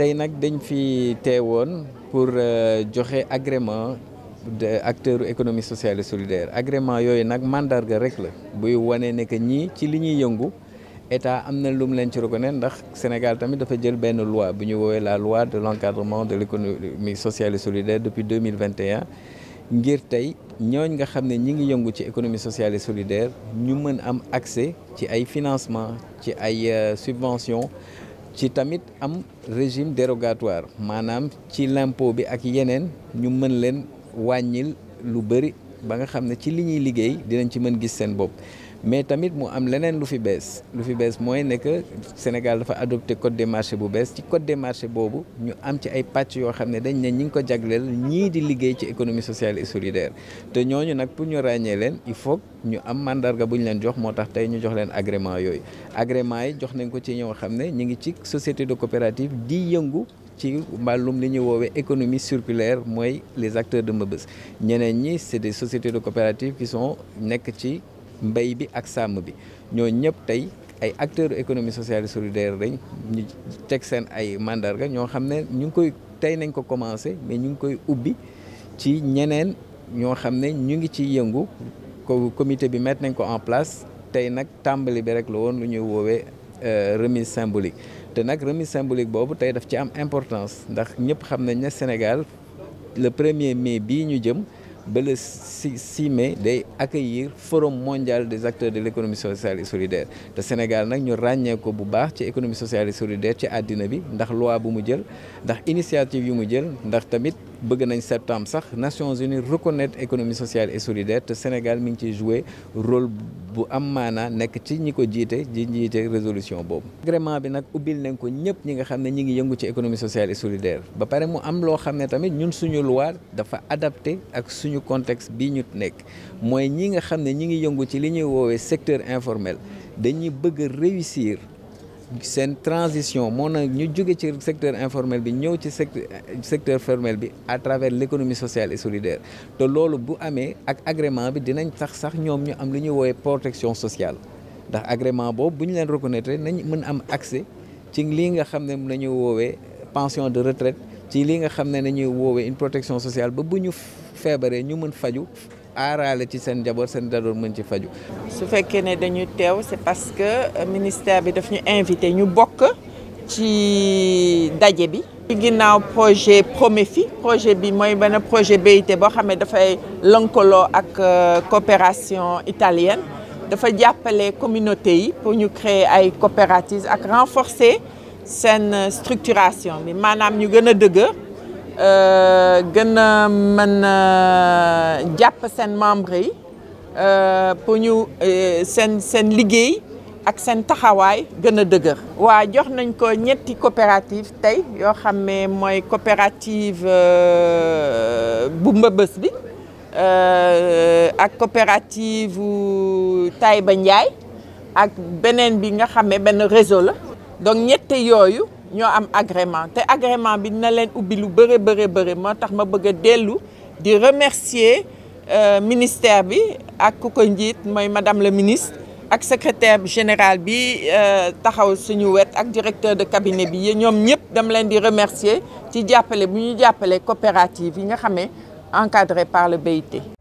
nous nag dañ fi Taïwan pour un euh, agrément de économiques sociales sociale et solidaire agrément est un mandat rek la buy wane ne que nous, ci li et yëngu état am le leen ci reconnaître ndax Sénégal tamit dafa jël une loi bu ñu la loi de l'encadrement de l'économie sociale et solidaire depuis 2021 Nous avons fait nga xam qui ñi ngi l'économie sociale et solidaire Nous avons accès à des financements, à des euh, subventions ci tamit am régime dérogatoire maanaam ci l'impôt bi ak yeneen ñu mën leen wàññil lu bëri ba nga xam ne ci li ñuy liggéey dinañ ci mën gis seen bopp mais tamit mu am leneen lu fi bees lu fi bees mooy ne que Sénégal dafa adopté code des marchés bu bees ci code des marchés boobu ñu am ci ay pàcc yoo xam ne dañ ne ñi ngi ko jagleel ñii di liggéey ci économie sociale et solidaire te ñooñu nag pour ñu ràññee leen il faut ñu am mandarga bu ñu leen jox moo tax tey ñu jox leen agrément yooyu agrément yi jox nañ ko ci ñoo xam ne ñu ngi ci société de coopérative di yëngu ci mbàllum li ñuy woowee économie circulaire mooy les acteurs de mbëbës ñeneen ñi c'est des sociétés de coopératives qui sont nekk ci mbay bi ak sàmm bi ñoo ñëpp tey ay acteurs économie sociale et solidaire dañ ñu teg seen ay mandarga ñoo xam ne ñu ngi koy tey nañ ko commencé mais ñu ngi koy ubbi ci ñeneen ñoo xam ne ñu ngi ci yëngu comité bi mettre nañ ko en place tey nag tàmbali bi rek la woon lu ñuy woowee euh, remise symbolique te nag remise symbolique boobu tey daf ci am importance ndax ñëpp xam nañ ne Sénégal le premier mai bii ñu jëm ba le 6 mai day accueillir forum mondial des acteurs de l' économie sociale et solidaire te Sénégal nag ñu ràññee ko bu baax ci économie sociale et solidaire ci àddina bi ndax loi bu mu jël ndax initiative yu mu jël ndax tamit bëgg nañ septembre sax Nations Unies reconnaître économie sociale et solidaire te Sénégal mi ngi ciy jouer rôle bu am maanaa nekk ci ñi ko jiite di jiite résolution boobu. agrément bi nag ubbil nañ ko ñëpp ñi nga xam ne ñi ngi yëngu ci économie sociale et xam ne tamit ñun suñu loi dafa adapté ak suñu suñu contexte bi ñu nekk moy ñi nga xamné ñi ngi yëngu ci li ñuy woowee secteur informel dañuy bëgg réussir sen transition moo nag ñu jóge ci secteur informel bi ñëw ci secteur formel bi à travers l'économie sociale et solidaire te loolu bu amé ak agrément bi dinañ tax sax ñom ñu am li ñuy woowee protection sociale ndax agrément boobu buñu leen reconnaître nañ mën am accès ci li nga xamné ne nañu woowee pension de retraite ci li nga xam ne nañuy woowee une protection sociale ba bu ñu feebaree ñu mën faju aaraale ci seen njaboot seen dadoor mën ci faju su fekkee ne dañu teew c'est parce que ministère bi daf ñu invité ñu bokk ci daje bi ci ginnaaw projet Promefi projet bi mooy benn projet BIT boo xam ne dafay lënkaloo ak euh, coopération italienne dafa jàppale communauté yi pour ñu créer ay coopératives ak renforcer sen euh, structuration bi manam ñu gëna dëgg euh gëna mën euh, japp sen membres yi euh pour ñu euh, sen sen liggéey ak sen taxaway gëna dëgg wa jox nañ ko ñetti coopérative tay yo xamé moy coopérative euh bu Mbëbës bi euh ak coopérative Taïba Ndiaye ak benen bi nga xamé ben réseau la donc ñette yooyu ñoo am agrément te agrément bi na leen ubbi lu bëre bëre bëre moo tax ma bëgg a dellu di remercier euh, ministère bi ak ku ko njiit madame le ministre ak secrétaire général bi euh, taxaw suñu wet ak directeur de cabinet bi ñoom ñëpp dama leen di remercier ci jàppale bu ñu jàppale coopérative yi nga xam encadré par le BIT